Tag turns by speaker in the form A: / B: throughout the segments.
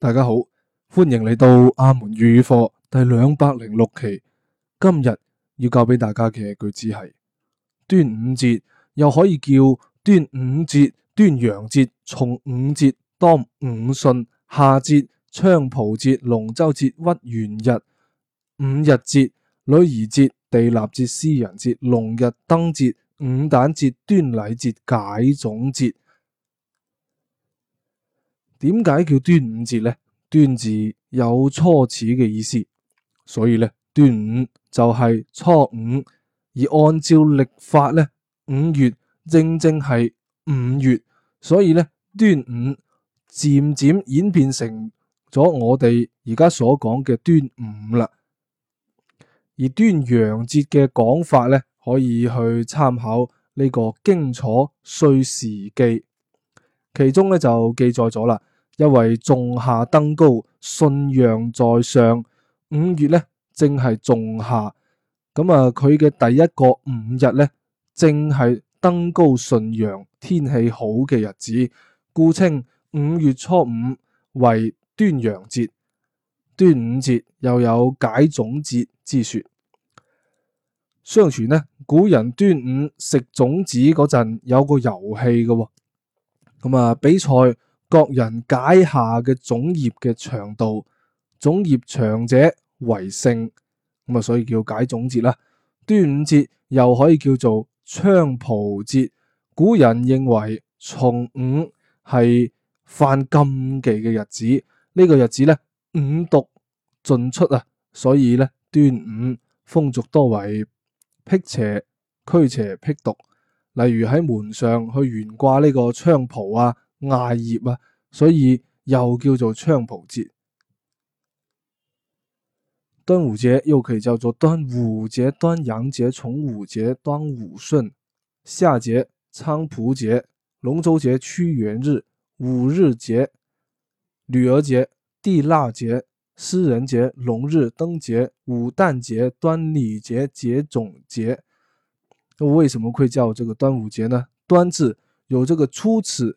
A: 大家好，歡迎嚟到阿門粵語課第兩百零六期。今日要教俾大家嘅句子係：端午節又可以叫端五節、端陽節、重五節、當五汛、夏節、菖蒲節、龍舟節、屈原日、午日節、女兒節、地臘節、詩人節、龍日、燈節、五蛋節、端禮節、解粽節。點解叫端午節咧？端字有初始嘅意思，所以咧，端五就係初五，而按照曆法咧，五月正正係五月，所以咧，端午漸漸演變成咗我哋而家所講嘅端午啦。而端陽節嘅講法咧，可以去參考呢個《荊楚歲時記》，其中咧就記載咗啦。因為仲夏登高，順陽在上。五月咧，正係仲夏。咁、嗯、啊，佢嘅第一個五日咧，正係登高順陽，天氣好嘅日子，故稱五月初五為端陽節。端午節又有解粽節之說。相傳呢，古人端午食粽子嗰陣有個遊戲嘅、哦，咁、嗯、啊比賽。各人解下嘅粽葉嘅長度，粽葉長者為勝，咁啊，所以叫解粽節啦。端午節又可以叫做菖蒲節。古人認為重五係犯禁忌嘅日子，呢個日子咧，五毒盡出啊，所以咧，端午風俗多為辟邪驅邪辟毒，例如喺門上去懸掛呢個菖蒲啊。艾葉啊，所以又叫做菖蒲節。端午節，又可以叫做端五節、端陽節、重五節、當五汛、夏節、菖蒲節、龍舟節、屈原日、午日節、女兒節、地臘節、詩人節、龍日、燈節、五蛋節、端禮節、解粽節。那為什麼會叫這個端午節呢？端字有這個初始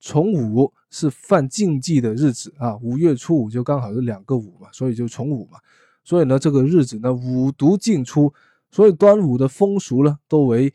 A: 重五是犯禁忌的日子啊，五月初五就剛好是兩個五嘛，所以就重五嘛。所以呢，這個日子呢，五毒盡出，所以端午的風俗呢，都為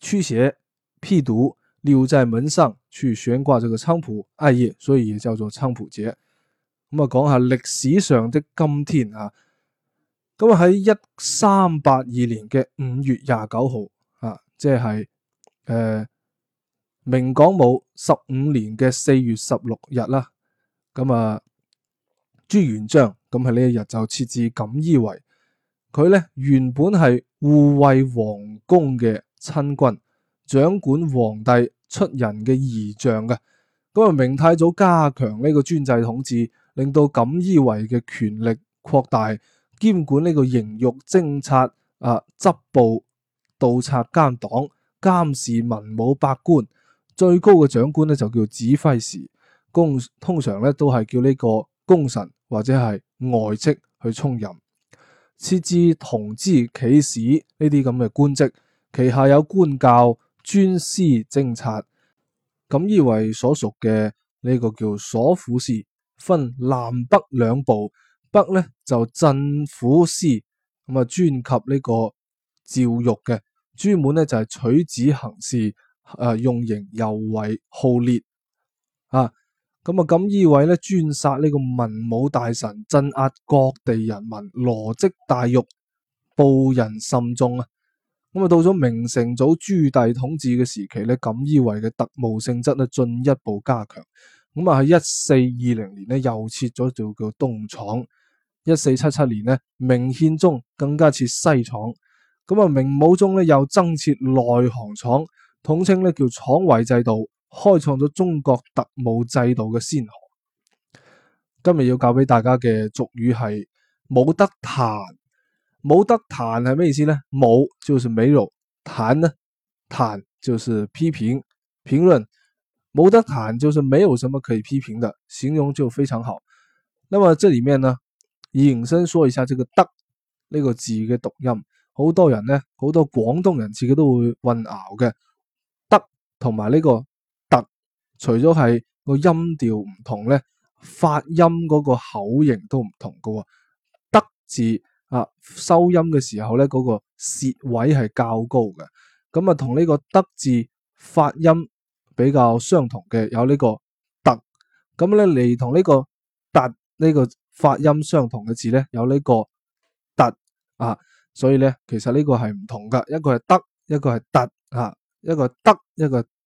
A: 驅邪辟毒。例如在門上去懸掛這個菖蒲艾葉，所以也叫做菖蒲節。咁、嗯、啊，講下歷史上的今天啊，咁啊喺一三八二年嘅五月廿九號啊，即係誒。呃明洪武十五年嘅四月十六日啦，咁啊朱元璋咁喺呢一日就設置錦衣衛。佢咧原本係護衛皇宮嘅親軍，掌管皇帝出入嘅儀仗嘅。咁啊明太祖加強呢個專制統治，令到錦衣衛嘅權力擴大，兼管呢個刑獄、偵察、啊緝捕、盜賊、監黨、監視文武百官。最高嘅長官咧就叫指揮使，公通常咧都係叫呢個功臣或者係外戚去充任，設置同知、僉事呢啲咁嘅官職，旗下有官校、專司、偵察咁依位所屬嘅呢個叫所府事，分南北兩部，北咧就鎮撫司咁啊專及呢個詔獄嘅，專門咧就係取旨行事。誒、呃，用刑尤為酷烈啊！咁啊，錦衣衛咧專殺呢個文武大臣，鎮壓各地人民，羅織大獄，捕人甚眾啊！咁啊，到咗明成祖朱棣統治嘅時期咧，錦衣衛嘅特務性質咧進一步加強。咁啊，喺一四二零年咧又設咗做叫東廠。一四七七年呢，明憲宗更加設西廠。咁啊，明武宗咧又增設內行廠。統稱咧叫廠衛制度，開創咗中國特務制度嘅先河。今日要教俾大家嘅俗語係冇得彈，冇得彈係咩意思呢？冇就是沒有，彈呢？彈就是批評、評論。冇得彈就是沒有什麼可以批評的，形容就非常好。那麼這裏面呢，以引申說一下呢個德呢個字嘅讀音，好多人呢，好多廣東人自己都會混淆嘅。同埋呢個特，除咗係個音調唔同咧，發音嗰個口型都唔同噶喎。德字啊，收音嘅時候咧，嗰個舌位係較高嘅。咁啊，同呢個德字發音比較相同嘅，有呢個特。咁咧嚟，同呢個特呢個發音相同嘅字咧，有呢個達啊。所以咧，其實呢個係唔同噶，一個係德，一個係特吓，一個係德，一個，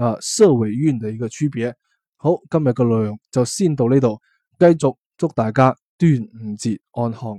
A: 啊，社委院的一個區別，好，今日嘅內容就先到呢度，繼續祝大家端午節安康。